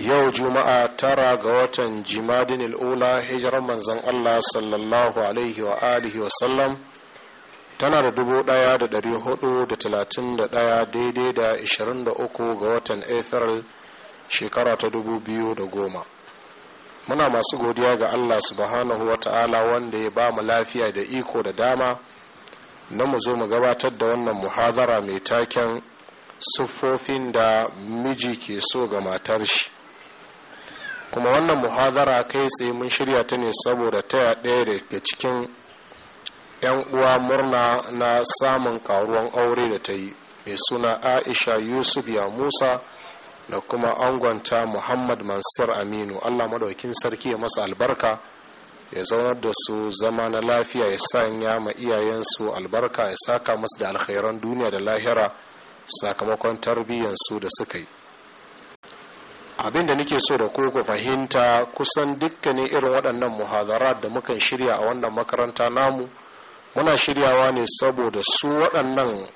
yau juma'a tara ga watan jimadin ula hijirar manzan allah sallallahu alaihi wa alihi wa sallam tana da dubu daya da dari hudu da talatin da daya daidai da ishirin da uku ga watan april shekara ta dubu biyu da goma muna masu godiya ga allah subhanahu wa ta'ala wanda ya ba mu lafiya da iko da dama na mu zo mu gabatar da wannan muhadara mai taken siffofin da miji ke so ga matar shi kuma wannan muhadara kai tsaye mun shirya ta ne saboda taya ɗaya daga cikin 'yan uwa murna na samun karuwan aure da ta yi mai suna aisha yusuf ya musa da kuma angonta muhammad mansur aminu allah madaukin sarki ya masa albarka ya zaunar da su zama na lafiya ya sanya ma iyayensu albarka ya saka masu da alkhairan duniya da lahira sakamakon tarbiyyansu da suka yi abin da nake so da ku ku fahimta kusan dukkanin irin waɗannan muhazara da mukan shirya a wannan makaranta namu muna shiryawa ne saboda su waɗannan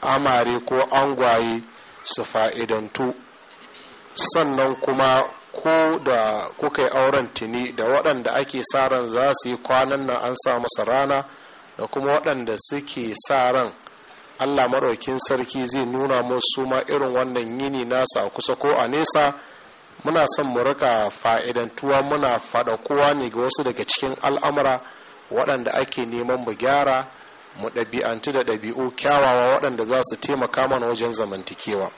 amare ko angwaye su fa'idantu sannan kuma ko da kuka yi auren tuni da waɗanda ake sa ran za su yi kwanan nan an sa masa rana da kuma waɗanda suke sa ran allah maɗaukin sarki zai nuna musu ma irin wannan yini nasa a kusa ko a nesa muna son mu rika fa'idantuwa muna faɗa kowa ne ga wasu daga cikin al'amura waɗanda ake neman mu gyara mu ɗabi'antu da ɗabi'u kyawawa waɗanda za su taimaka mana wajen zamantakewa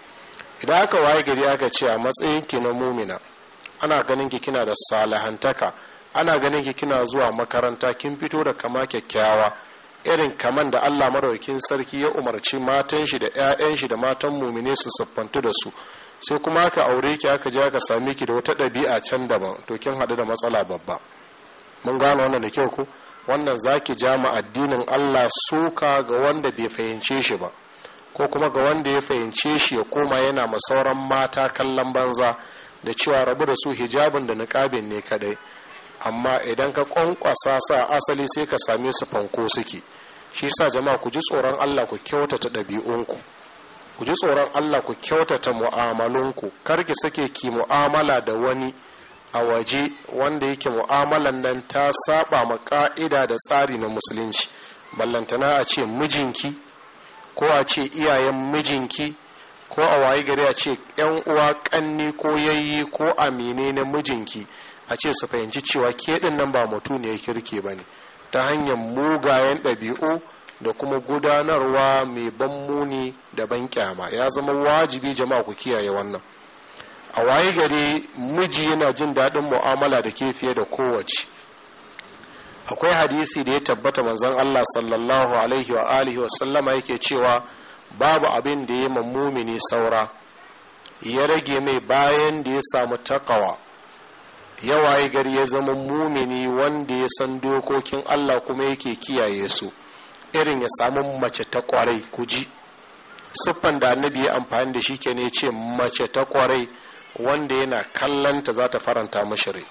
idan aka waye gari aka ce a matsayin ki na mumina ana ganin ki kina da salihantaka ana ganin ki kina zuwa makaranta kin fito da kama kyakkyawa irin kaman da Allah maraukin sarki ya umarci matan shi da 'ya'yan shi da matan mumine su siffantu da su sai kuma aka aure ki aka je aka same ki da wata ɗabi'a can daban to kin haɗu da matsala babba mun gane wannan da kyau ko wannan zaki ja ma addinin Allah suka ga wanda bai fahimce shi ba ko kuma ga wanda ya fahimce shi ya koma yana ma sauran mata kallon banza da cewa rabu da su hijabin da niqabin ne kadai amma idan ka kwankwasa sa asali sai ka same su fanko suke shi yasa jama'a ku ji tsoron Allah ku kyautata ɗabi'unku ku ji tsoron Allah ku kyautata mu'amalunku kar ki sake ki mu'amala da wani a waje wanda yake mu'amalan nan ta saba ma ka'ida da tsari na musulunci ballantana a ce mijinki ko a ce iyayen mijinki ko a wayi gari a ce yan uwa kanni ko yayi ko amine na mijinki a ce su fahimci cewa ke nan ba ne ya kirke bane ta hanyar mugayen ɗabi'u da kuma gudanarwa mai ban muni da ban kyama ya zama wajibi jama'a ku kiyaye wannan a waye gari miji yana jin daɗin mu'amala da ke fiye da kowace akwai hadisi da ya tabbata manzon Allah sallallahu alaihi wa alihi wa sallama yake cewa babu abin da ya mummumini saura ya rage mai bayan da ya samu takawa yawaye gari ya zama mumini wanda ya san dokokin Allah kuma yake kiyaye su irin ya samu mace ta kwarai ku ji siffan da annabi ya amfani da shi ke ne ce mace ta kwarai wanda yana kallanta za ta faranta mashi rai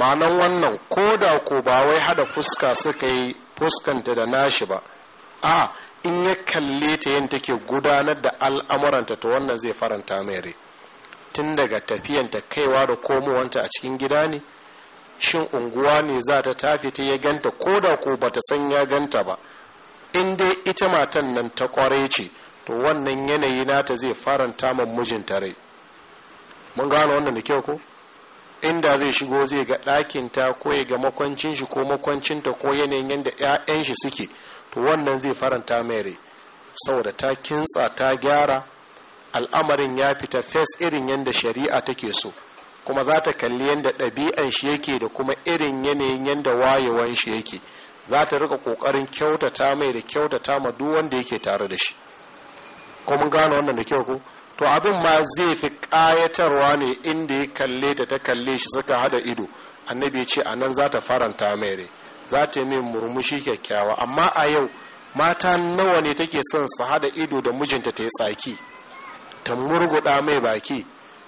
wannan ko da ko ba wai hada fuska suka yi fuskanta da nashi ba a in ya kalle ta yin take gudanar da al'amuranta ta wannan zai faranta mai tun daga tafiyanta kaiwa da komowanta a cikin gida ne shin unguwa ne za ta tafi ta ya ganta ko da ko ba ta san ya ganta ba in dai ita matan nan ta kware ce to wannan yanayi nata zai faranta man mijin rai mun gano wannan da kyau ko inda zai shigo zai ga ɗakinta ko ya ga makwancin shi ko makwancinta ko yanayin yadda 'ya'yan shi suke to wannan zai faranta mai rai saboda ta kintsa ta gyara al'amarin ya fita fes irin yadda shari'a take so kuma za ta kalli yadda ɗabi'an shi yake da kuma irin yanayin yadda wayewan shi yake za ta rika ƙoƙarin kyautata mai da kyautata ma duk wanda yake tare da shi ko mun gane wannan da kyau ko to abin ma zai fi ƙayatarwa ne inda ya kalle da ta kalle shi suka hada ido annabi ce a nan za ta faranta mai rai za ta yi murmushi kyakkyawa amma a yau mata nawa ne take son su hada ido da mijinta ta yi tsaki ta murguɗa mai baki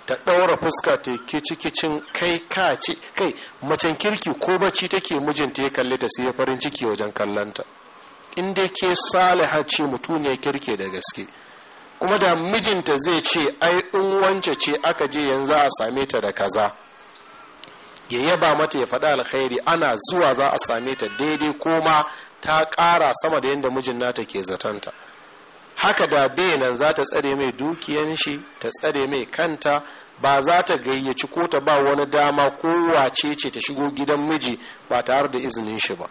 ta ɗaura fuska ta kici-kicin kai kaci kai macen kirki ko bacci take mijinta ya kalli ta sai ya farin ciki wajen kallanta in dai ke saliha ce mutuniyar kirke da gaske kuma da mijinta zai ce ai in wance ce aka je yanzu a same ta da kaza ya yaba mata ya faɗa alkhairi ana zuwa za a same ta daidai koma ta ƙara sama da yadda mijin nata ke zatanta haka da bayanan za ta tsare mai dukiyan shi ta tsare mai kanta ba za ta gayyaci ko ta ba wani dama ko wace ce ta shigo gidan miji ba tare da izinin shi ba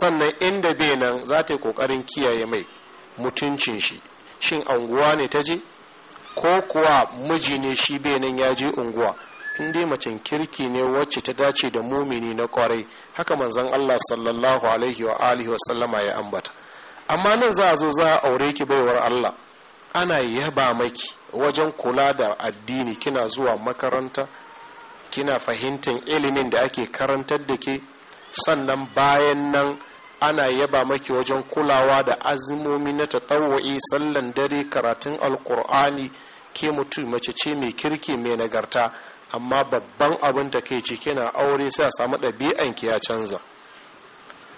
sannan inda benan za ta yi kokarin kiyaye mai mutuncin shi shin anguwa ne ta je ko kuwa miji ne shi benan ya je unguwa in dai macen kirki ne wacce ta dace da mumini na kwarai haka manzon Allah sallallahu alaihi wa alihi ya ambata amma nan za a zo za a aure ki baiwar Allah ana yaba maki wajen kula da addini kina zuwa makaranta kina fahimtar ilimin da ake karantar da ke sannan bayan nan ana yaba maki wajen kulawa da azumomi na tatawwa'i sallan dare karatun alkur'ani ke mutu mace ce mai kirki mai nagarta amma babban abin da kai ce kina aure sai a samu ɗabi'an ki ya canza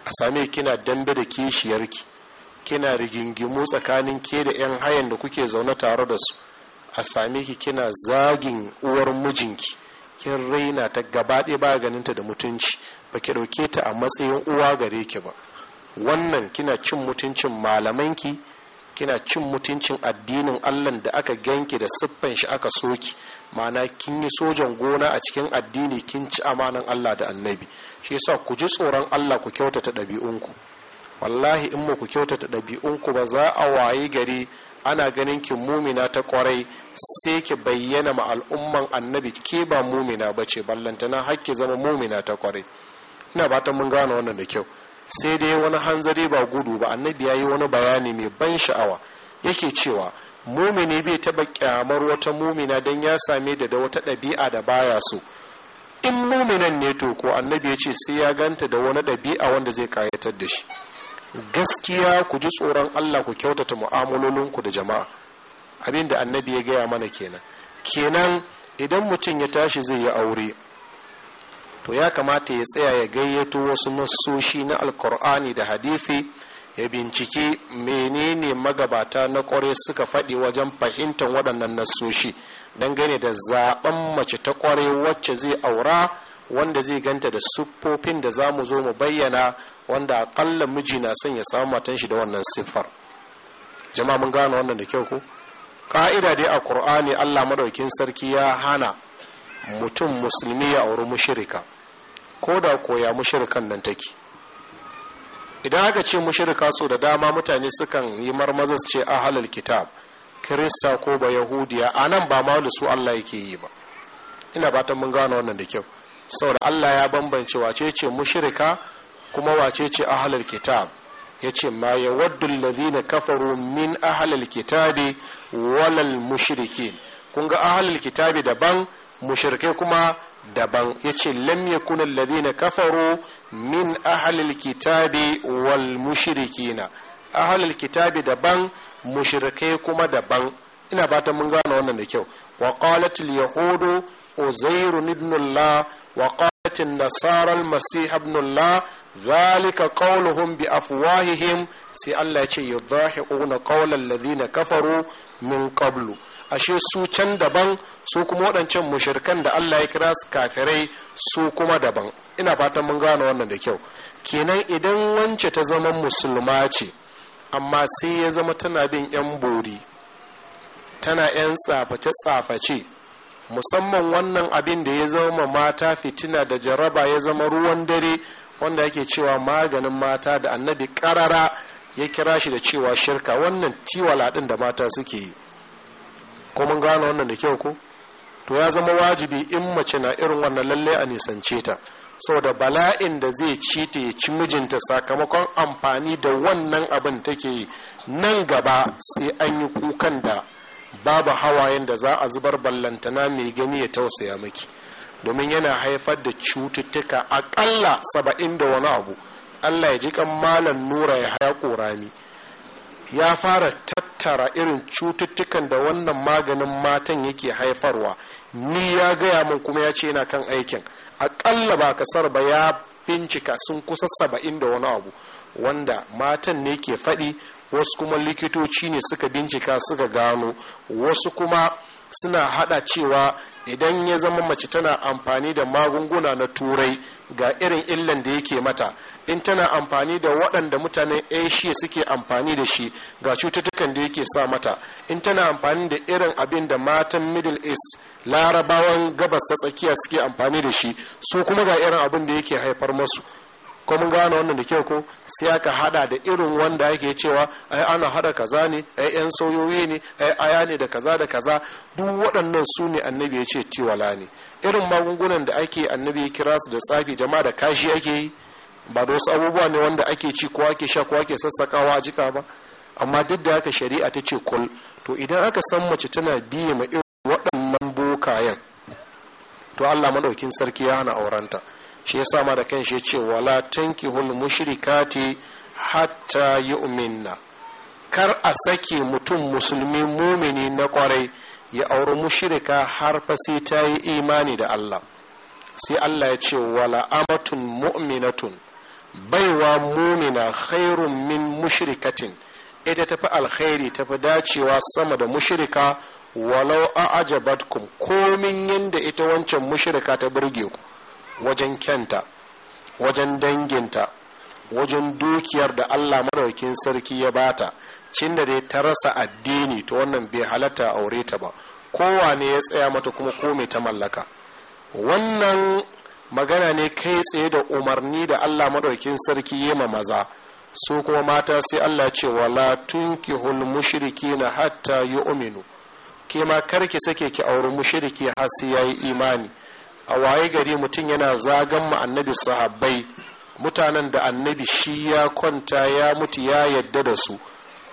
a same kina dambe da kishiyarki kina rigingimu tsakanin ke da 'yan hayan da kuke zaune tare da su a same ki kina zagin uwar mijinki kin raina ta gabaɗe ba ganinta da mutunci ba ki ɗauke ta a matsayin uwa gare ki ba wannan kina cin mutuncin malamanki kina cin mutuncin addinin allah da aka ganki da siffan shi aka soki ma'ana kin yi sojan gona a cikin addini kin ci amanan allah da annabi shi yasa ku ji tsoron allah ku kyautata ɗabi'unku wallahi in ku kyautata ɗabi'unku ba za a wayi gari ana ganin ki mumina ta kwarai sai ki bayyana ma al'umman annabi ke ba mumina ba ce ballantana na zama mumina ta kwarai ina ba ta mun gane wannan da kyau sai dai wani hanzari ba gudu ba annabi ya yi wani bayani mai ban sha'awa yake cewa mumini bai taba kyamar wata mumina don ya same da da wata ɗabi'a da baya so in muminan ne to ko annabi ya ce sai ya ganta da wani ɗabi'a wanda zai kayatar da shi gaskiya ku ji tsoron Allah ku kyautata mu'amalolinku da jama'a abin da annabi ya gaya mana kenan kenan idan mutum ya tashi zai yi aure to ya kamata ya tsaya ya gayyato wasu nasoshi na alkur'ani da hadithi ya bincike menene magabata na kware suka faɗi wajen fahimtar waɗannan nasoshi? nassoshi gane da zaɓen mace ta kware wacce zai aura wanda zai ganta da siffofin da za mu zo mu bayyana wanda akalla miji na son ya samu matan shi da wannan siffar jama'a mun gano wannan da kyau ko ka'ida dai a qur'ani Allah maɗaukin sarki ya hana mutum musulmi ya auri mushirika. ko da koya mushirikan nan take idan aka ce mushirika so da dama mutane sukan yi marmazas ce ce ahlul kitab kirista ko ba yahudiya nan ba ma da su Allah yake yi ba ina batan mun gano wannan da kyau saboda Allah ya bambance wace ce mushrika kuma wace ce ahlul kitab yace ma yawaddu alladhina kafaru min ahlul kitabi walal mushrikin kun ga ahlul kitabi daban mushrikai kuma daban yace lam yakun alladhina kafaru min ahlul kitabi wal mushrikina ahlul kitabi daban mushrikai kuma daban ina ta mun gane wannan da kyau wa qalat al yahudu uzairu ibn وقالت النصارى المسيح ابن الله ذلك قولهم بأفواههم سي الله يشي يضاحقون قول الذين كفروا من قبل ashe su can daban su kuma waɗancan mushirkan da Allah ya kira su kafirai su kuma daban ina fatan mun gane wannan da kyau kenan idan wance ta zama musulma ce amma sai ya zama tana bin yan bori tana yan tsaface tsaface musamman wannan abin da ya zama mata fitina da jaraba ya zama ruwan dare wanda yake cewa maganin mata da annabi karara ya kira shi da cewa shirka wannan tiwala da mata suke yi ko mun gane wannan da kyau ko to ya zama wajibi in mace na irin wannan lalle a nisance ta saboda bala'in da zai ci ta ya ci mijinta sakamakon amfani da wannan abin take yi nan gaba sai an yi kukan da babu hawayen da za a zubar ballantana mai gani ya tausaya maki domin yana haifar da cututtuka aƙalla saba'in da wani abu allah ya ji kan malam nura ya haya ƙorami ya fara tattara irin cututtukan da wannan maganin matan yake haifarwa ni ya gaya min kuma ya ce yana kan aikin aƙalla ba kasar ba ya bincika sun kusa saba'in da wani abu wanda matan ne ke faɗi wasu kuma likitoci ne suka bincika suka gano wasu kuma suna hada cewa idan ya zama mace tana amfani da magunguna na turai ga irin illan da yake mata in tana amfani da waɗanda mutanen asia suke amfani da shi ga cututtukan da yake sa mata in tana amfani da irin abin da matan middle east larabawan gabas ta tsakiya suke amfani da shi su kuma ga irin abin da yake haifar masu ko mun gane wannan da kyau ko sai aka hada da irin wanda yake cewa ai ana hada kaza ne ai yan soyoyi ne ai aya ne da kaza da kaza duk waɗannan su ne annabi ya ce tiwala ne irin magungunan da ake annabi ya kira su da tsafi jama'a da kashi ake yi ba da wasu abubuwa ne wanda ake ci ko ake sha ko ake sassakawa a jika ba amma duk da haka shari'a ta ce kul to idan aka san mace tana biye ma irin waɗannan bokayen to Allah madaukin sarki ya hana aurenta shi yasa ma da kanshi ya ce wala hul mushrikati hatta yu'minna kar a sake mutum musulmi mumini na kwarai ya auri mushrika har fa sai ta yi imani da Allah sai Allah ya ce wala amatun mu'minatun baiwa mumina khairun min mushrikatin ita ta tafi alkhairi ta tafi dacewa sama da mushrika walau a ajabatkum komin yadda ita wancan mushrika ta burge ku wajen kyanta wajen danginta wajen dukiyar da allah Madaukin sarki ya bata cin da dai ta rasa addini ta wannan bai halatta aure ta ba kowa ne ya tsaya mata kuma kome ta mallaka wannan magana ne kai tsaye da umarni da allah Madaukin sarki ma maza su kuma mata sai allah ce wala hul mushriki na hatta yi yu'minu ke ma karki sake ki auri mushriki har sai yayi imani a waye gari mutum yana zagan ma annabi sahabbai mutanen da annabi shi ya kwanta ya mutu ya yadda da su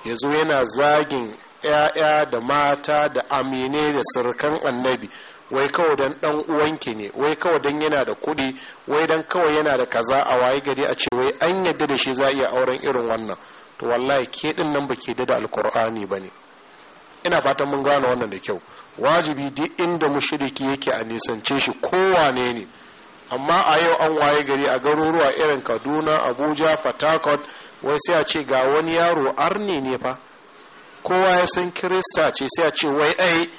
ya zo yana zagin 'ya'ya da mata da amine da sirkan annabi wai kawai dan dan uwanki ne wai kawai dan yana da kuɗi wai dan kawai yana da kaza a waye gari a ce wai an yadda da shi za iya auren irin wannan to wallahi ke din nan ke da alkur'ani ba ne ina fatan mun gane wannan da kyau wajibi duk inda mushriki yake a nisance shi kowane ne amma a yau an waye gari a garuruwa irin kaduna abuja fatakot wai sai a ce ga wani yaro arni ne fa kowa ya san kirista ce sai a ce wai ai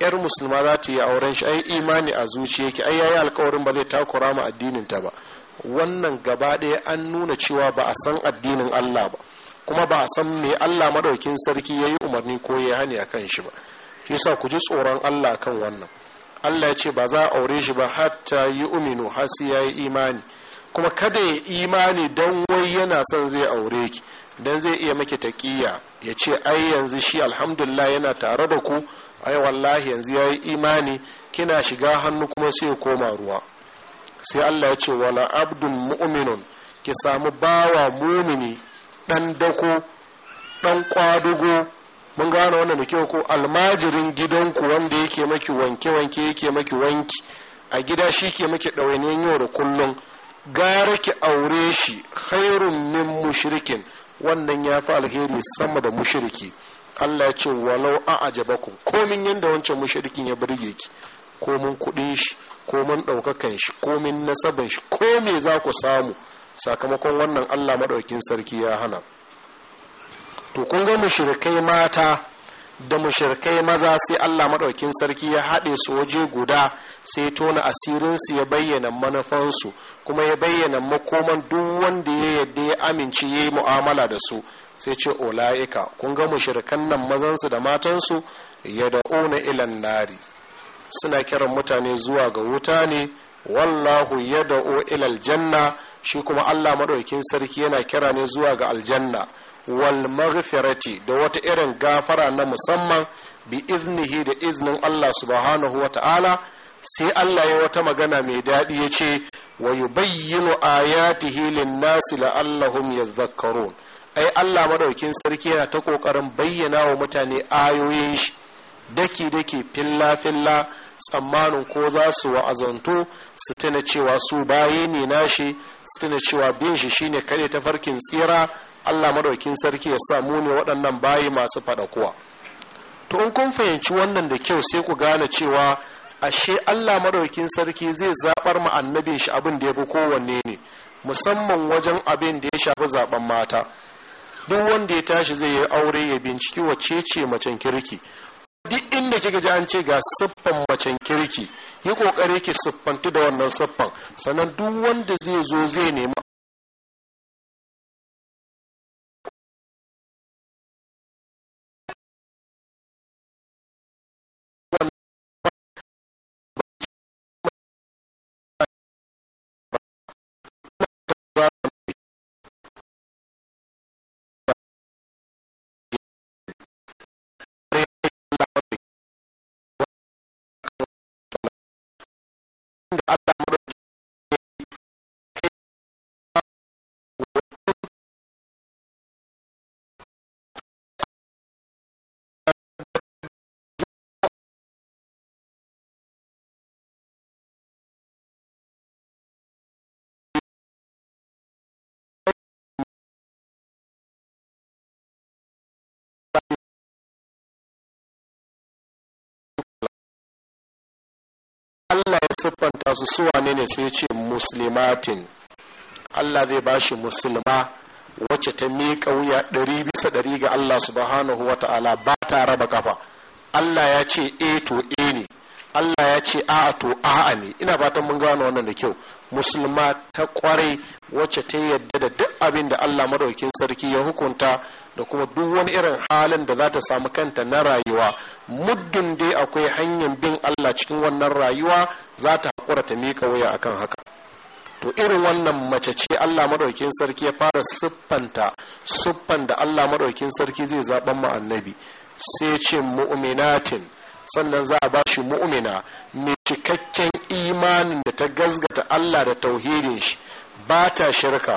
yar musulma za ta yi auren shi ai imani a zuciya yake ai yayi alkawarin ba zai takura ma addinin ta ba wannan gaba ɗaya an nuna cewa ba a san addinin allah ba kuma ba a san me allah madaukin sarki ya yi umarni ko ya hani a kan shi ba shi ku ji tsoron Allah kan wannan Allah ya ce ba za a aure shi ba hatta yi uminu har sai ya yi imani kuma kada ya imani dan wai yana son zai aure ki don zai iya maki taƙiyya ya ce ai yanzu shi alhamdulillah yana tare da ku ai wallahi yanzu ya yi imani kina shiga hannu kuma sai ya koma ruwa sai Allah ya ce wala abdun mu'minun ki samu bawa mumini dan dako dan kwadugo mun gane wannan da kyau ko almajirin gidanku wanda yake maki wanke-wanke yake maki wanki a gida shi ke maki ɗawainiyan yau da kullum gara ki aure shi khairun min mushrikin wannan ya fi alheri sama da mushriki Allah ya ce walau a ajabakun komin yanda wancan mushrikin ya burge ki komin kuɗin shi komin ɗaukakan shi komin nasaban shi ko me za ku samu sakamakon wannan Allah maɗaukin sarki ya hana to kun ga mushirkai mata da mushirkai maza sai Allah maɗaukin sarki ya haɗe su waje guda sai tona asirinsu ya bayyana manufansu kuma ya bayyana makoman duk wanda ya yadda ya amince ya yi mu'amala da su sai ce ola'ika kun ga mushirkan nan mazansu da matansu ya ona ilan nari suna kiran mutane zuwa ga wuta ne wallahu ya da'o ilal janna shi kuma Allah maɗaukin sarki yana kira ne zuwa ga aljanna wal maghfirati da wata irin gafara na musamman bi iznihi da iznin Allah subhanahu wa ta'ala sai Allah ya wata magana mai daɗi ya ce wa yubayyinu ayatihi lin-nasi la'allahum yadhakkarun ai Allah madaukin sarki yana ta ƙoƙarin bayyana wa mutane ayoyin shi daki daki filla filla tsammanin ko za su wa'azanto su tuna cewa su baye ne nashi su tuna cewa bin shi shine kare tafarkin tsira allah maɗaukin sarki ya sa mu ne waɗannan bayi masu kuwa to in kun fahimci wannan da kyau sai ku gane cewa ashe allah maɗaukin sarki zai zaɓar ma annabin shi abin da ya fi kowanne ne musamman wajen abin da ya shafi zaɓen mata duk wanda ya tashi zai yi aure ya binciki wacce ce macen kirki duk inda kika ji an ce ga siffan macen kirki yi kokari ki siffanti da wannan siffan sannan duk wanda zai zo zai nemi da Allah siffanta su su ne ne sai ce muslimatin allah zai ba shi musulma wacce ta miƙa wuya ɗari bisa ɗari ga allah subhanahu wa ta'ala ba ta raba kafa allah ya ce e to e ne allah ya ce a'a to a'a ne ina fatan mun gano wannan da kyau musulma ta kware wacce ta yadda da duk abin da allah madaukin sarki ya hukunta da kuma duk wani irin halin da za ta samu kanta na rayuwa muddin dai akwai hanyar bin allah cikin wannan rayuwa za ta haƙura ta mika waya akan haka to irin wannan mace ce Allah madaukin sarki ya fara siffanta siffan da Allah madaukin sarki zai zaben mu annabi sai ce mu'minatin sannan za a ba shi mu'mina mai cikakken imanin da ta gazgata Allah da tauhirin shi ba ta shirka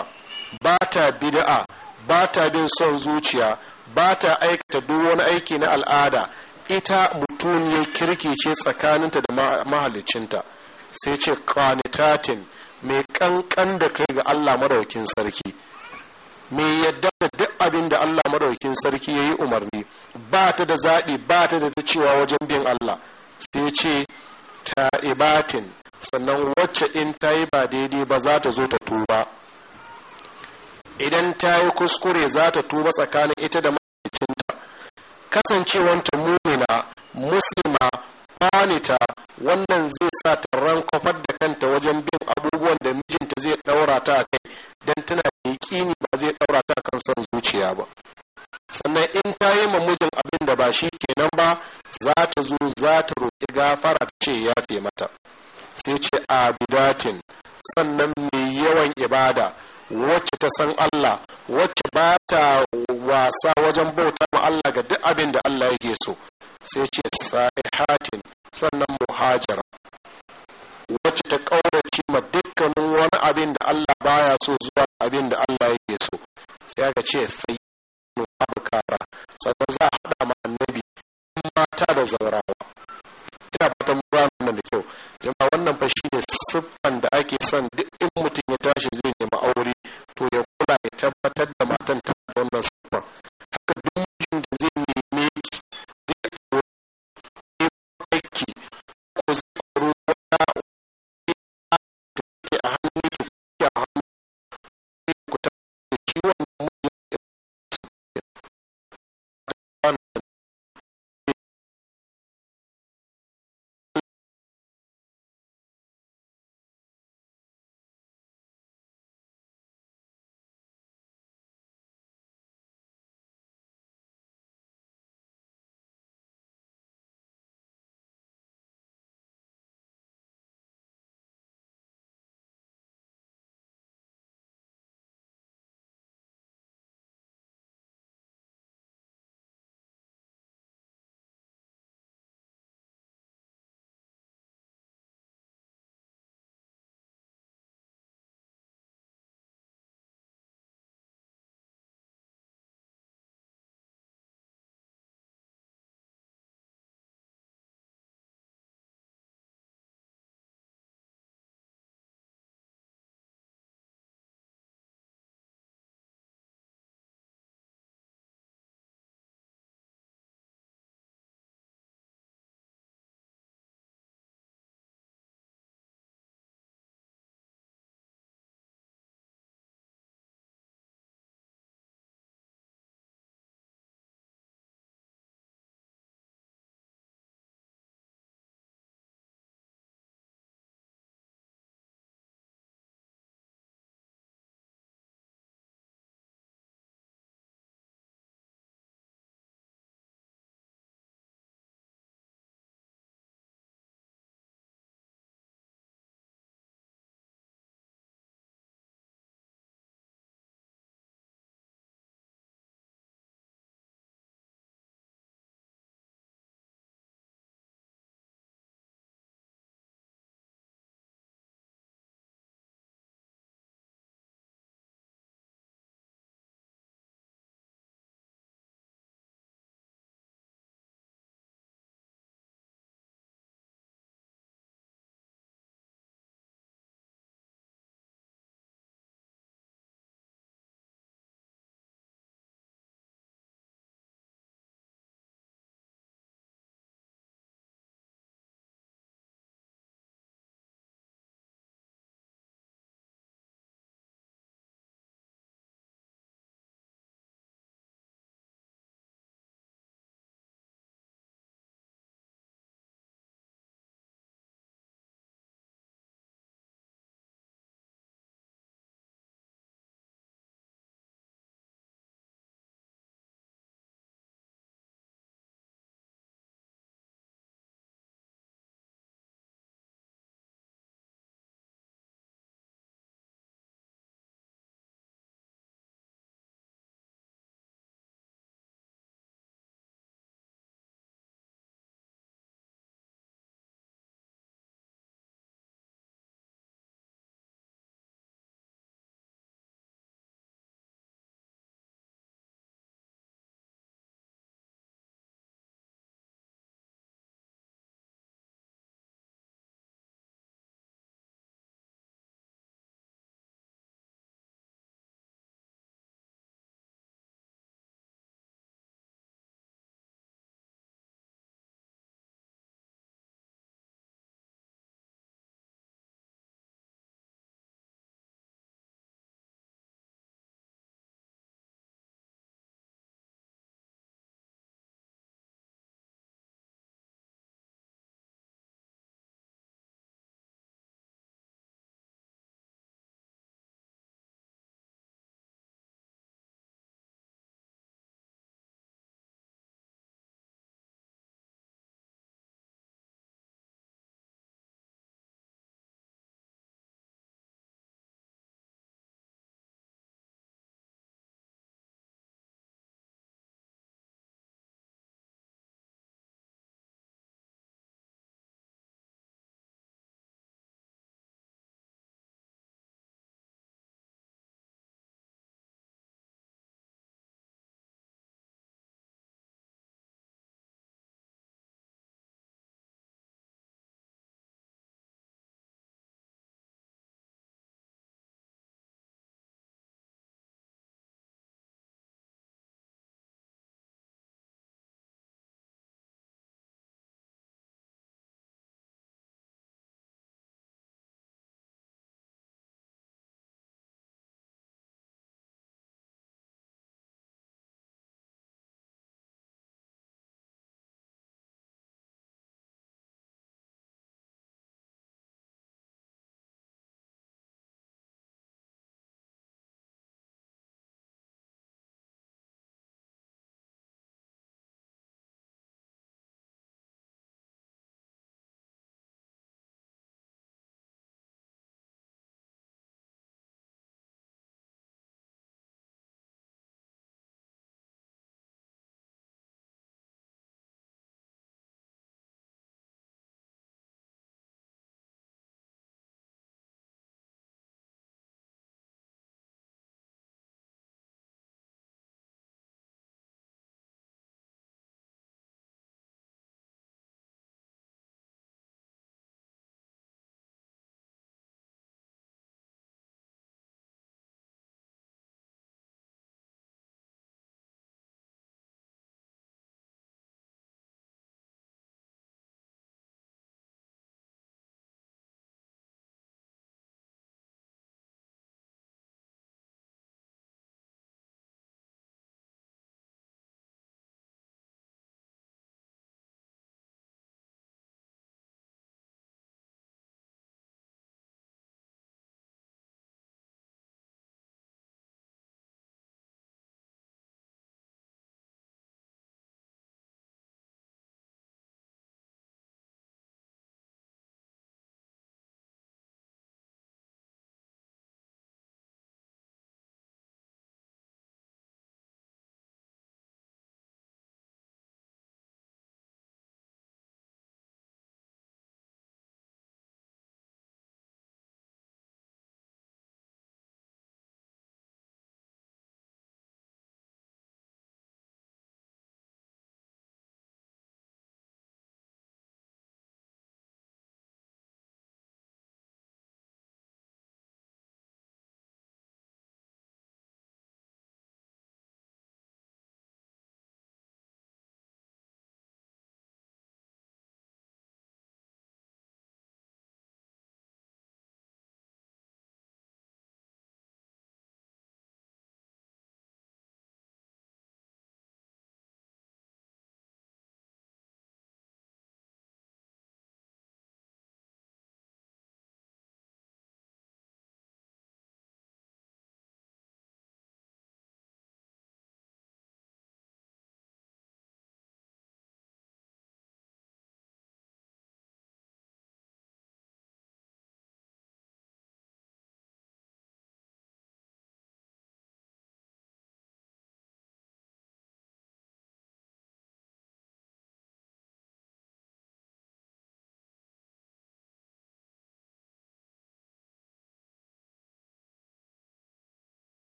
ba ta bid'a ba ta bin son zuciya ba ta aikata duk wani aiki na al'ada ita mutuniyar kirki ce tsakaninta da mahalicinta sai ce kwanitatin mai kankan da kai ga Allah madaukin sarki mai yadda da duk abin da Allah madaukin sarki ya yi umarni ba ta da zaɓi ba ta da cewa wajen bin Allah sai ce ta ibatin sannan wacce in ta yi ba daidai ba za ta zo ta tuba idan ta yi kuskure za ta tuba tsakanin ita da mahaifinta kasancewanta mumina muslima kwanita wannan zai sa ta rankofar da kanta wajen bin abubuwan da mijinta zai ɗaura ta a kai don tana da yaƙini ba zai ɗaura ta kan son zuciya ba sannan in ta yi mamujin abin da ba shi kenan ba za ta zo za ta roƙi gafara ta ce ya fe mata sai ce abidatin sannan mai yawan ibada wacce ta san Allah wacce ba ta wasa wajen bauta ma Allah ga duk abin da Allah yake so sai ce sa'ihatin sannan muhajara wacce ta kaurace ma dukkanin wani abin da Allah baya so zuwa abin da Allah yake so sai aka ce sannan za a haɗa ma annabi mata da zaurawa ina fatan gano da kyau jama'a wannan fa shine siffan da ake son duk in mutum ya tashi zai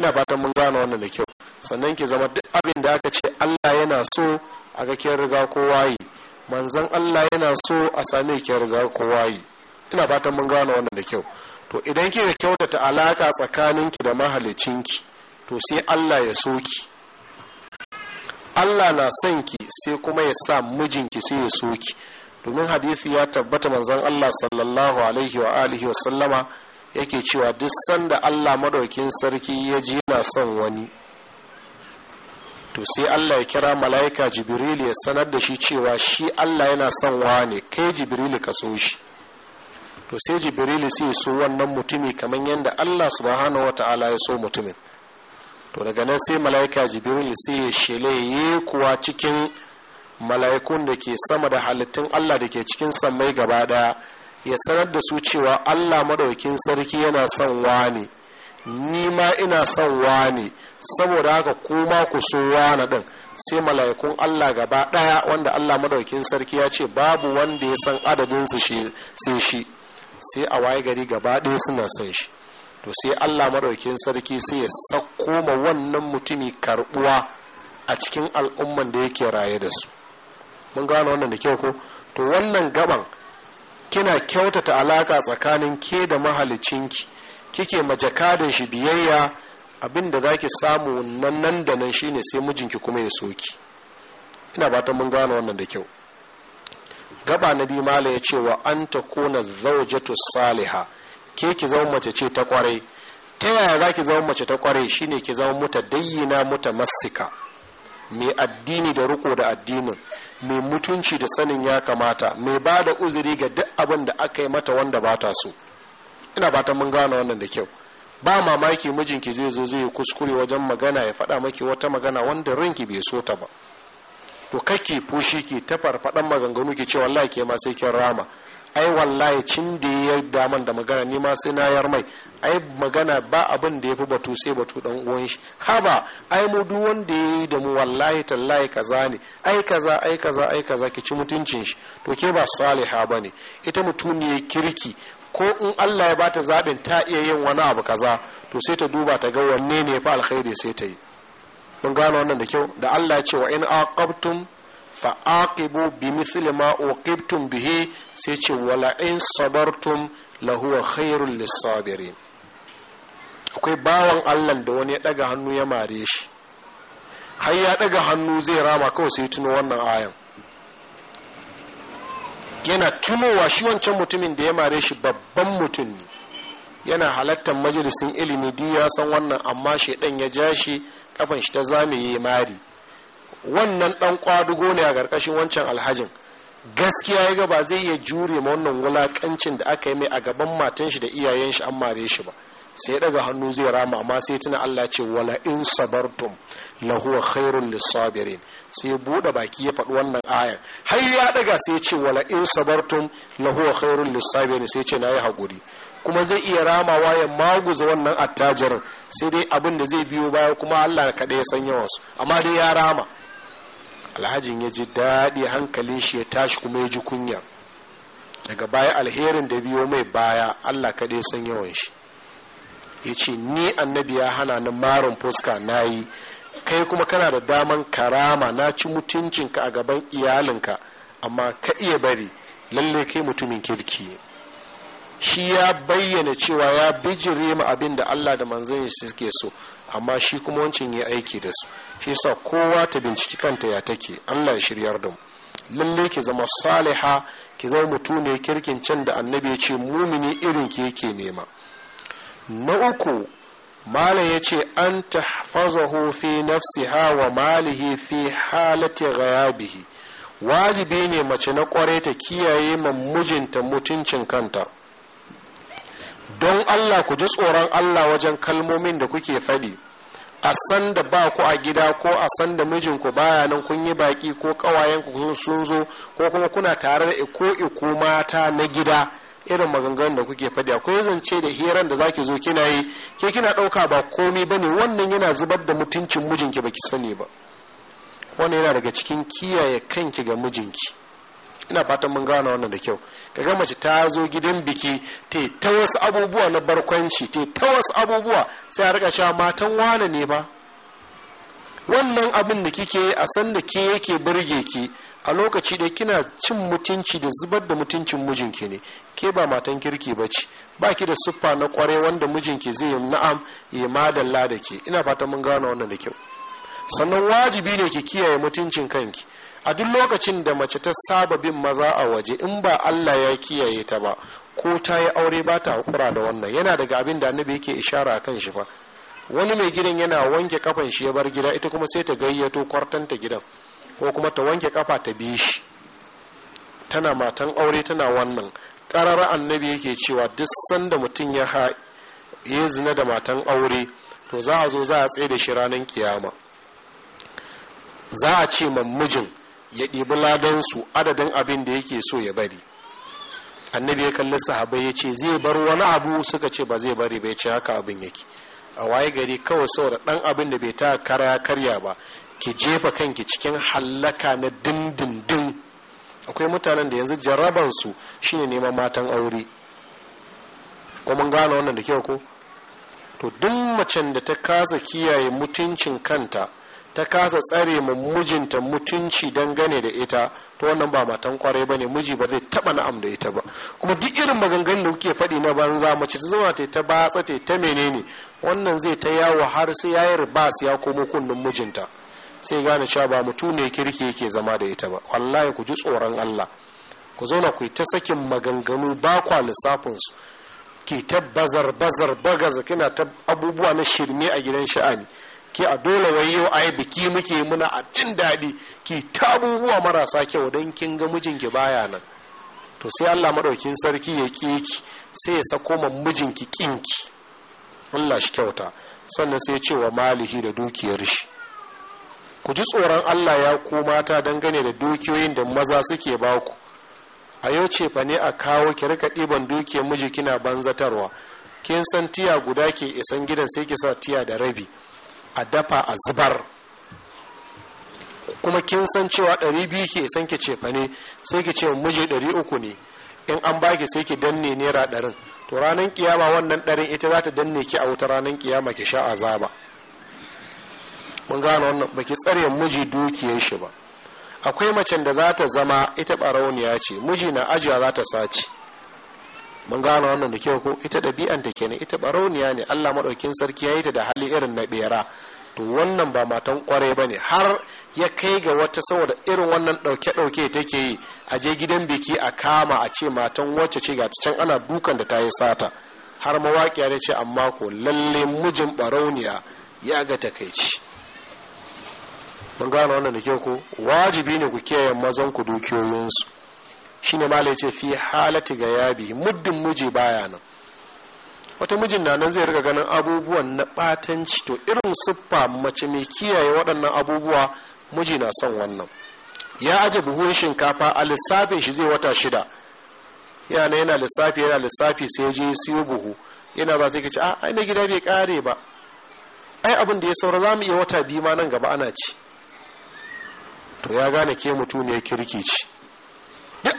ina fatan mun gane wannan da kyau sannan ki zama duk abin da aka ce Allah yana so a ga kin riga kowa yi manzon Allah yana so a same ki riga kowa yi ina fatan mun gane wannan da kyau to idan kika kyautata alaka tsakaninki da mahalicinki to sai Allah ya so ki Allah na son ki sai kuma ya sa mijinki sai ya so ki domin hadisi ya tabbata manzon Allah sallallahu alaihi wa alihi wa sallama yake cewa duk sanda allah madaukin sarki ya ji yana son wani to sai allah ya kira mala'ika jibril ya sanar da shi cewa shi allah yana son wani kai jibril ka so shi to sai jibril sai so wannan mutumi kamar yadda allah subhanahu wa ta'ala ya so mutumin to daga nan sai mala'ika jibril sai ya shele kuwa cikin mala'ikun da ke sama da halittun allah da ke cikin sammai gaba daya ya sanar da su cewa allah madaukin sarki yana son wani ni ma ina son wani saboda haka kuma ku so wani din sai mala'ikun allah gaba daya wanda allah madaukin sarki ya ce babu wanda ya san su sai shi sai a waye gari gaba ɗaya suna san shi to sai allah madaukin sarki sai ya sakko ma wannan mutumi karbuwa a cikin al'umman da yake raye da su mun gane wannan da kyau ko to wannan gaban kina kyautata alaka tsakanin ke da mahalicinki kike majakadin shi biyayya abinda ki samu nan nan da nan shine sai mijinki kuma ya soki ina bata mun gane wannan da kyau gaba na biyu mala ya ce wa an ta kona zaujatu saliha ke ki zama mace ce ta kwarai ta yaya za ki zama mace ta kwarai shine ki zama mutadayyina mutamassika mai addini da riko da addinin mai mutunci da sanin ya kamata mai ba da uzuri ga duk abin da aka yi mata wanda ba ta so ina fatan mun gane wannan da kyau ba mamaki mijinki zai zo zai kuskure wajen magana ya faɗa maki wata magana wanda ranki bai so ta ba to kake fushi ki ta farfaɗan maganganu ki ce wallahi ke ma sai kin rama ai wallahi cin da ya daman da magana ni ma sai mai ai magana ba abin da ya fi batu sai batu dan uwan shi haba ai mu duk wanda ya yi da mu wallahi tallahi kaza ne ai kaza ai kaza ai kaza ki ci mutuncin shi to ke ba saliha ne ita mutuniyar kirki ko in Allah ya bata zaɓin ta iya yin wani abu kaza to sai ta duba ta ga wanne ne ya fi alkhairi sai ta yi mun gano wannan da kyau da Allah ya ce wa in aqabtum fa'aqibu bi misli ma uqibtum bihi sai ce wala in sabartum huwa khairul lissabirin akwai bawan Allah da wani ya daga hannu ya mare shi har ya daga hannu zai rama kawai sai tuno wannan ayan yana tunowa shi wancan mutumin da ya mare shi babban mutum ne yana halattar majalisin ilimi duk ya san wannan amma shaidan ya ja shi kafan shi ta zame ya mari wannan ɗan kwadugo ne a ƙarƙashin wancan alhajin gaskiya ya ga ba zai iya jure ma wannan wulaƙancin da aka yi mai a gaban matan shi da iyayen shi an mare shi ba sai daga hannu zai rama amma sai tuna Allah ce wala in sabartum la huwa khairul lisabirin sai bude baki ya faɗi wannan ayan har ya daga sai ce wala in sabartum la huwa khairul lisabirin sai ce nayi hakuri kuma zai iya ramawa ya maguza wannan attajirin sai dai abin da zai biyo baya kuma Allah kaɗai ya san yawansu amma dai ya rama alhajin ya ji daɗi hankalin shi ya tashi kuma ya ji kunya daga baya alherin da biyo mai baya allah kaɗai san yawan shi ya ce ni annabi ya hana ni marin fuska na yi kai kuma kana da daman karama na ci mutuncinka a gaban iyalinka amma ka iya bari lalle kai mutumin kirki shi ya bayyana cewa ya bijire ma abin da allah da manzan shi suke so amma shi kuma wancan ya aiki da su shi sa kowa ta binciki kanta ya take allah ya shiryar da mu lalle ki zama saliha ki zama mutune kirkin can da annabi ya ce mumini irin ki yake nema na uku malam ya ce an tahfazahu fi nafsiha wa malihi fi halati ghayabihi wajibi ne mace na kware ta kiyaye ma mutuncin kanta don allah ku ji tsoron allah wajen kalmomin da kuke faɗi a san da ba ku a gida ko a san da mijinku bayanan nan kun yi baki ko ƙawayenku sun zo ko kuma kuna tare da iko iko mata na gida irin maganganun da kuke faɗi akwai zance da hiran da zaki zo kina yi ke kina ɗauka ba komai bane wannan yana zubar da mutuncin mijinki baki sani ba wannan yana daga cikin kiyaye kanki ga mijinki ina fatan mun gane wannan da kyau ga mace ta zo gidan biki te ta wasu abubuwa na barkwanci te ta wasu abubuwa sai a rika sha matan wane ne ba wannan abin da kike a sanda da ke yake burge ki a lokaci da kina cin mutunci da zubar da mutuncin mijinki ne ke ba matan kirki ba ce ba ki da siffa na kware wanda mijinki zai yi na'am ya madalla da ke ina fatan mun gane wannan da kyau sannan wajibi ne ki kiyaye mutuncin kanki a duk lokacin da mace ta saba bin maza a waje in ba Allah ya kiyaye ta ba ko ta yi aure ba ta hakura da wannan yana daga abin da annabi yake ishara kan shi ba wani mai gidan yana wanke kafan shi ya bar gida ita kuma sai ta gayyato kwartanta gidan ko kuma ta wanke kafa ta bi shi tana matan aure tana wannan karara annabi yake cewa duk sanda mutum ya ha ya zina da matan aure to za a zo za a tsaye da shi ranar kiyama za a ce mijin. ya ɗibi ladansu adadin abin da yake so ya bari annabi ya kalli sahabai ya ce zai bar wani abu suka ce ba zai bari bai ce haka abin yake a waye gari kawai saboda ɗan abin da bai ta kara karya ba ki jefa kanki cikin hallaka na dindindin akwai mutanen da yanzu jarabansu shine neman matan aure ko mun gane wannan da kyau ko to duk macen da ta kasa kiyaye mutuncin kanta ta kasa tsare ma mijinta mutunci dangane da ita ta wannan ba matan kwarai ba ne miji ba zai taba na'am da ita ba kuma duk irin maganganun da kuke faɗi na banza mace ta zauna ta ta batsa ta ta menene wannan zai ta yawo har sai yayi ribas ya komo kunnun mijinta sai gane cewa ba mutum ne kirki yake zama da ita ba wallahi ku ji tsoron Allah ku zauna ku ta sakin maganganu ba kwa lissafin su ki ta bazar bazar bagaza kina ta abubuwa na shirme a gidan sha'ani ke a dole wai yau yi biki muke muna a jin daɗi ki ta abubuwa marasa kyau don kin ga mijinki baya nan to sai Allah maɗaukin sarki ya ƙi ki sai ya sako ma mijinki ƙinki Allah shi kyauta sannan sai ce wa malihi da dukiyar shi ku ji tsoron Allah ya ku mata dangane da dukiyoyin da maza suke baku a yau ce fa ne a kawo ki rika ɗiban dukiyar miji kina banzatarwa kin san tiya guda ke isan gidan sai ki sa tiya da rabi a dafa a zubar kuma kin san cewa ɗari biyu ke san ki cefa ne sai ki ce miji ɗari uku ne in an baki sai ki danne naira ɗarin to ranar kiyama wannan ɗarin ita za ta danne ki a wuta ranar kiyama ki sha azaba mun gane wannan baki tsare miji dukiyar shi ba akwai macen da za ta zama ita barauniya ce miji na ajiya za ta sace mun gano wannan da kyau ko ita ɗabi'anta ta kenan ita barauniya ne Allah maɗaukin sarki ya yi ta da hali irin na bera to wannan ba matan kware ba ne har ya kai ga wata saboda irin wannan ɗauke-ɗauke take yi a je gidan biki a kama a ce matan wacce ce ga can ana dukan da ta yi sata har mawaƙiya ne ce amma ko lalle mijin barauniya ya ga takaici mun gano wannan da kyau ko wajibi ne ku kiyaye mazan ku dukiyoyinsu shine malai ce fi halati ga yabi muddin miji baya nan wata mijin na nan zai riga ganin abubuwan na batanci to irin siffa mace mai kiyaye waɗannan abubuwa miji na son wannan ya aje buhun shinkafa a lissafin shi zai wata shida yana yana lissafi yana lissafi sai je siyo buhu yana ba zai ce a ah, ai na gida bai kare ba ai abin da ya saura za mu iya wata biyu ma nan gaba ana ci to ya gane ke ne kirki ce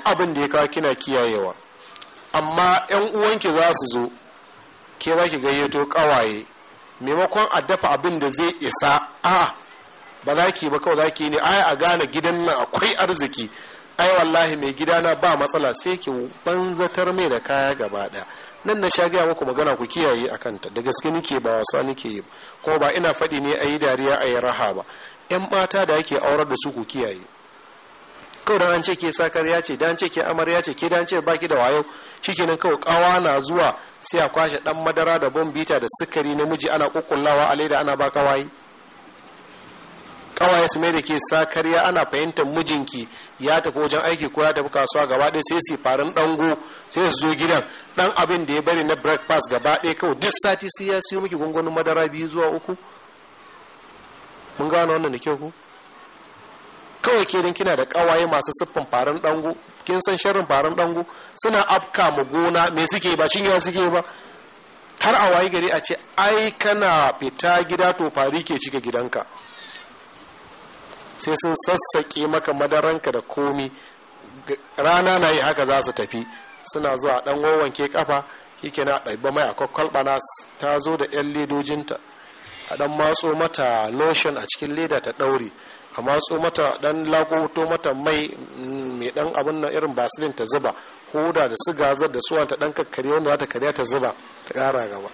abin da ya kawo kina kiyayewa amma yan uwanki za su zo ke ki gayyato kawaye maimakon a dafa abin da zai isa a ba za ki ba kawai za ki ne ai a gane gidan nan akwai arziki ai wallahi mai gidana ba matsala sai ki banzatar mai da kaya gaba nan na sha gaya muku magana ku kiyaye a kanta da gaske nike ba wasa nike yi ko ba ina faɗi ne a yi dariya a yi raha ba 'yan mata da ake aurar da su ku kiyaye kawai da an ce ke sakarya ce dan ce ke amarya ce ke dan ce baki da wayo shikenan kawai kawa na zuwa sai a kwashe dan madara da bombita da sukari miji ana kokullawa a leda ana ba kawai kawaye su mai da ke sakarya ana fahimtar mijinki ya tafi wajen aiki ko ya tafi kasuwa gaba ɗaya sai su farin dango sai su zo gidan dan abin da ya bari na breakfast gaba ɗaya kawai duk sati sai ya siyo miki gungunin madara biyu zuwa uku mun gano wannan da kyau ku kawai ke kenan kina da kawaye masu siffin farin dango kin san sharrin farin dango suna afka mu gona me suke ba cinyewa suke ba har a wayi gari a ce ai kana fita gida to fari ke cika gidanka sai sun sassaƙe maka madaranka da komi rana na yi haka za su tafi suna zuwa dan wanke kafa kike na ɗaiba mai a kwakwalɓana ta zo da 'yan ledojinta a ɗan matso mata lotion a cikin leda ta ɗaure a matso mata dan lagoto mata mai mm, mai dan abin nan irin basilin ta zuba hoda da su gazar da suwan ta dan kakkare wanda za ta karya ta zuba ta kara gaba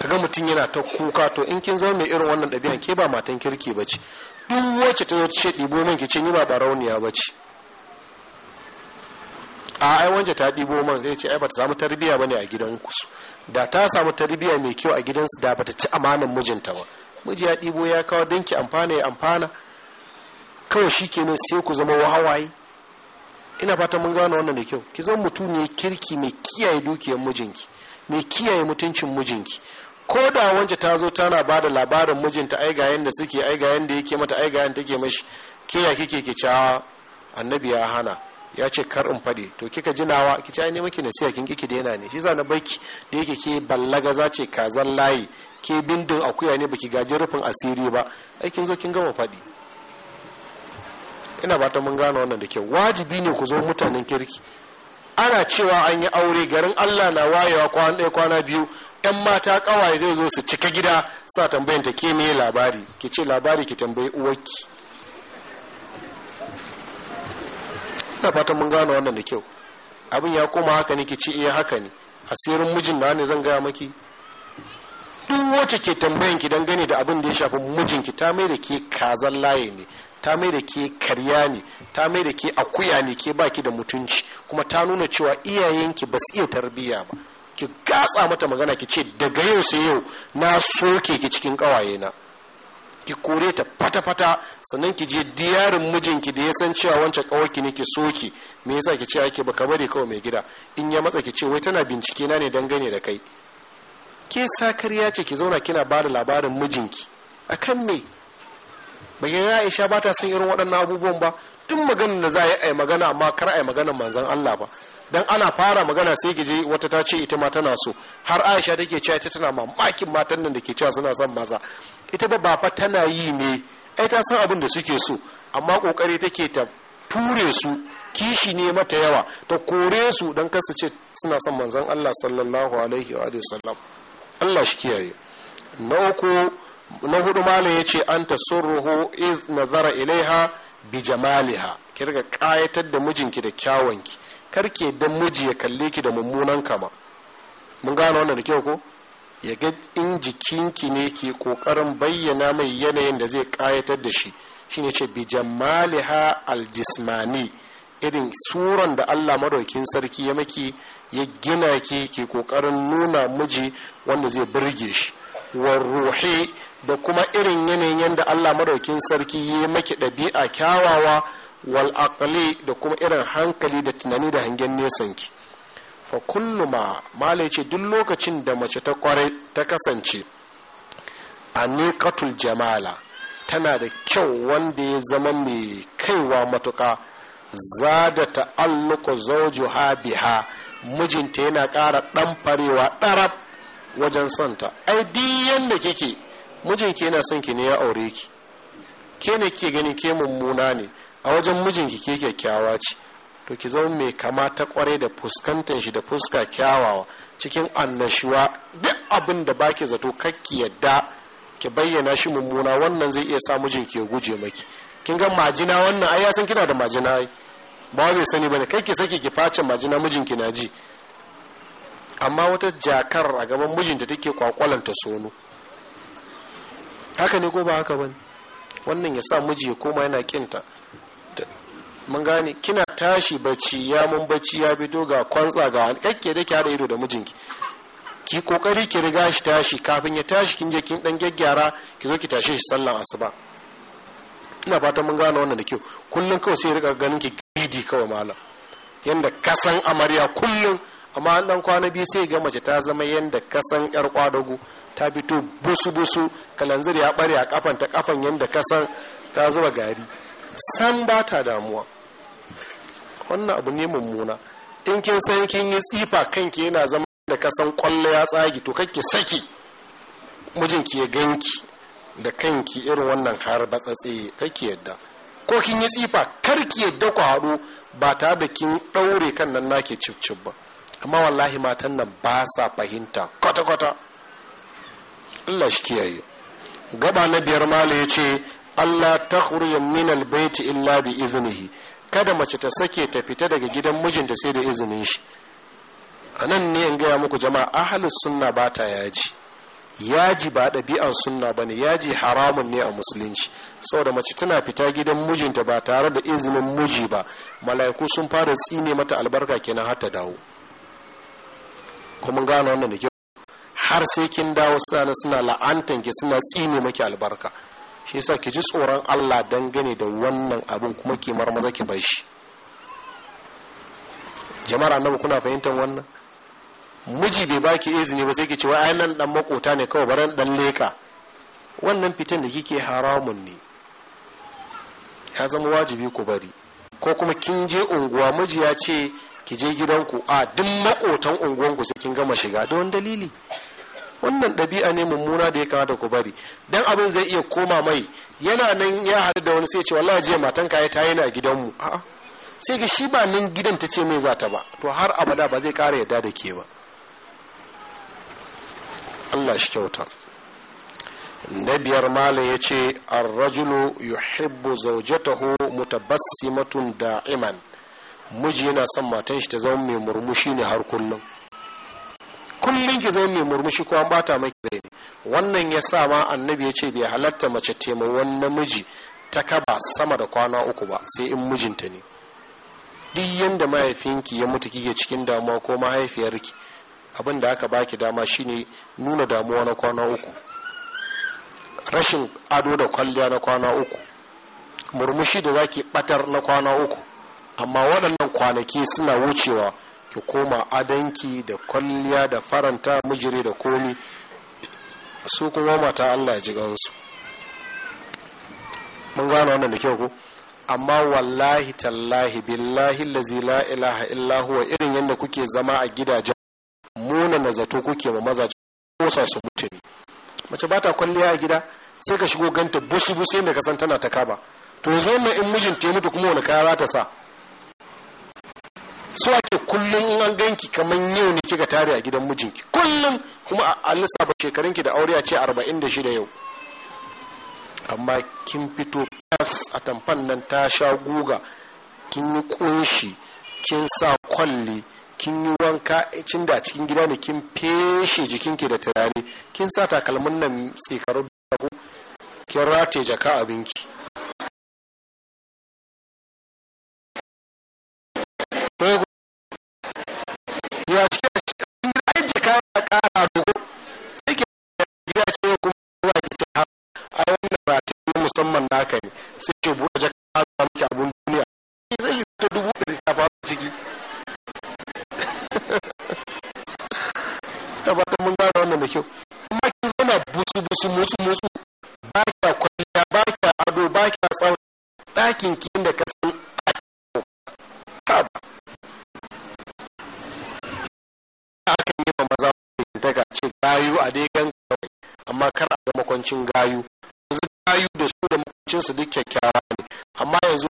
kaga mutum yana ta kuka to in kin zama mai irin wannan dabi'an ke ba matan kirki ba ce duk wacce ta zo ce ɗibo man ki ni ba barauniya ba a ai wanda ta ɗibo man zai ce ai ba ta samu tarbiyya ba ne a ku da ta samu tarbiyya mai kyau a gidansu da ba ta ci amanan mijinta ba miji ya ɗibo ya kawo don ki amfana ya amfana kawai shi kenan sai ku zama hawaye ina fata mun gane wannan da kyau ki zan mutum ne kirki mai kiyaye dukiyar mijinki mai kiyaye mutuncin mijinki ko da wance ta zo tana ba da labarin mijinta ai ga suke ai ga yanda yake mata ai ga yanda take mashi ke ya kike ki ci annabi ya hana ya ce kar in faɗi to kika jinawa ki ci ai ne miki nasiha kin kike daina ne shi za na baki da yake ke ballaga za ce kazan layi ke bindin akuya ne baki gaji rufin asiri ba aikin zo kin gama faɗi ina ba ta mun gane wannan da kyau wajibi ne ku zo mutanen kirki ana cewa an yi aure garin allah na wayewa kwan ɗaya kwana biyu yan mata ƙawaye zai zo su cika gida sa tambayin ta ke ne labari ki ce labari ki tambayi uwarki ina fatan mun gane wannan da kyau abin ya koma haka ne ki ce iya eh, haka ne asirin mijin na ne zan gaya maki duk wacce ke tambayan ki dangane da abin da ya shafi mijinki ta mai da ke kazan laye ne ta mai da ke karya ne ta mai da ke akuya ne ke baki da mutunci kuma ta nuna cewa iyayenki ba su iya tarbiyya ba ki gatsa mata magana ki ce daga yau sai yau na soke ki cikin kawaye na ki kore ta fata-fata sannan ki je diyarin mijinki da ya san cewa wancan kawarki ne ki soke me yasa ki ce ake kamar bari kawai mai gida in ya matsa ki ce wai tana bincike na ne dangane da kai ke karya ce ki zauna kina ba da labarin mijinki a kan me bayan aisha ba ta son irin waɗannan abubuwan ba tun maganar da za a yi a magana amma kar a yi maganar manzan Allah ba dan ana fara magana sai ki je wata ta ce ita ma tana so har aisha take cewa ita tana mamakin matan nan da ke cewa suna son maza ita ba ba tana yi ne ai ta san abin da suke so amma kokari take ta ture su kishi ne mata yawa ta kore su don kasa ce suna son manzon Allah sallallahu alaihi wa sallam Allah shi kiyaye na uku na hudu mala ya ce an ta surruhu iz nazara ilaiha bi jamaliha ki riga kayatar da mijinki da kyawanki karke dan miji ya kalle ki da mummunan kama mun gane wannan da kyau ko ya ga in jikinki ne ke kokarin bayyana mai yanayin da zai kayatar da shi shine ce bi jamaliha aljismani irin suran da Allah madaukin sarki ya maki ya gina ki ke kokarin nuna miji wanda zai burge shi wa ruhi da kuma irin yanayin yadda Allah madaukin sarki ya yi maki ɗabi'a kyawawa wal aqli da kuma irin hankali da tunani da hangen nesan ki fa kullu ma malai ce duk lokacin da mace ta kware ta kasance aniqatul jamala tana da kyau wanda ya zama mai kaiwa matuka zada ta'alluqu zawjuha biha mijinta yana ƙara ɗanfarewa farewa ɗarab wajen santa ai duk yadda kike mijinki yana son ki ne ya aure ki ke ne ke gani ke mummuna ne a wajen mijinki ke kyakkyawa ce to ki zama mai kama ta kware da fuskantar shi da fuska kyawawa cikin annashuwa duk abin da baki zato kakki yadda ki bayyana shi mummuna wannan zai iya sa mijinki ya guje maki kin ga majina wannan ai ya san kina da majina ba bai sani bane kai ki saki ki face maji namijin ki na ji amma wata jakar a gaban mijinta take kwakwalanta sono haka ne ko ba haka bane wannan ya sa miji ya koma yana kinta mun gane kina tashi bacci ya mun bacci ya fito ga kwantsa ga kakke da kyara ido da mijinki ki kokari ki riga shi tashi kafin ya tashi kin je kin dan gyaggyara ki zo ki tashe shi sallan asuba ina fatan mun gane wannan da kyau kullun kawai sai rika ganin ki idi kawai malam yadda kasan amarya kullum amma an dan kwana biyu sai ga mace ta zama yadda kasan yar kwadago ta fito busu busu kalanzir ya bare a kafan ta kafan yadda kasan ta zuba gari san ba ta damuwa wannan abu ne mummuna in kin san kin yi tsifa kanki yana zama da kasan kwallo ya tsagi to kake saki mijinki ya ganki da kanki irin wannan har batsatse kake yadda ko kin yi tsifa kar ki yadda ku haɗu ba tare da kin ɗaure kan nan nake cif ba amma wallahi matan nan ba sa fahimta kwata-kwata Allah shi kiyaye gaba na biyar mala ya ce Allah ta min albaiti illa bi iznihi kada mace ta sake ta fita daga gidan mijinta sai da izinin shi anan ne in gaya muku jama'a ahlus sunna ba ta yaji yaji ba ɗabi'an sunna ba ne yaji haramun ne a musulunci saboda mace tana fita gidan mijinta ba tare da izinin miji ba mala'iku sun fara tsine mata albarka kenan har ta dawo kuma gano wannan da har sai kin dawo sana suna la'antan ki suna tsine maki albarka shi yasa ki ji tsoron Allah dangane da wannan abin kuma ki marmaza ki bar shi jama'ar annabi kuna fahimtar wannan miji bai baki izini ba sai ki ce wai nan dan makota ne kawai baran dan leka wannan fitan da kike haramun ne ya zama wajibi ku bari ko kuma kin je unguwa miji ya ce ki je gidanku a duk makotan unguwanku sai kin gama shiga don dalili wannan dabi'a ne mummuna da ya kamata ku bari dan abin zai iya koma mai yana nan ya haɗu da wani sai ce wallahi jiya matan ka ta yana gidanmu a'a sai ga shi ba nan gidan ta ce mai za ta ba to har abada ba zai ƙara yarda da ke ba Allah shi kyauta na biyar mala ya ce arrajulu yuhibbu matun mutabassimatun da'iman miji yana son matan shi ta zama mai murmushi ne har kullum kullum ki zama mai murmushi ko an bata maki ne? wannan ya sa ma annabi ya ce bai halatta mace wani namiji ta kaba sama da kwana uku ba sai in mijinta ne duk yanda mahaifinki ya mutu kike cikin damuwa ko mahaifiyarki abin da aka baki dama shine nuna damuwa na kwana uku rashin ado da kwalliya na kwana uku murmushi da zaki batar na kwana uku amma waɗannan kwanaki suna wucewa ki koma adanki da kwalliya da faranta mijire da komi su kuma mata allah ji gansu mun gano wannan da kyau ko amma wallahi tallahi billahi lazi la ilaha illa irin yadda kuke zama a gidajen raunana zato kuke ma mazaje sa su ne mace ba ta kwalliya a gida sai ka shigo ganta busu busu yadda ka san tana ta kaba to zo mai in mijin ta mutu kuma wani kaya za ta sa su ake kullum in an ganki kamar yau ne kika tare a gidan mijinki kullum kuma a lissafa shekarunki da aure a ce arba'in da yau amma kin fito kas a tamfan nan ta sha guga kin yi kunshi kin sa kwalli kin yi wanka cin da cikin gida ne kin feshe jikinki da turare kin sa takalmin nan tsikaru kin rate jaka abinki ya ce sai ke naka ne sai ke buɗe jaka ba miki abin duniya sai ta fata mun gane wannan da kyau amma kin zauna busu busu musu musu ba kya kwalliya ba kya ado ba kya tsawon ɗakin ki da ka san akan yi ma maza daga ce gayu a dai gan kawai amma kar a ga makwancin gayu yanzu gayu da su da makwancinsu duk kyakkyawa ne amma yanzu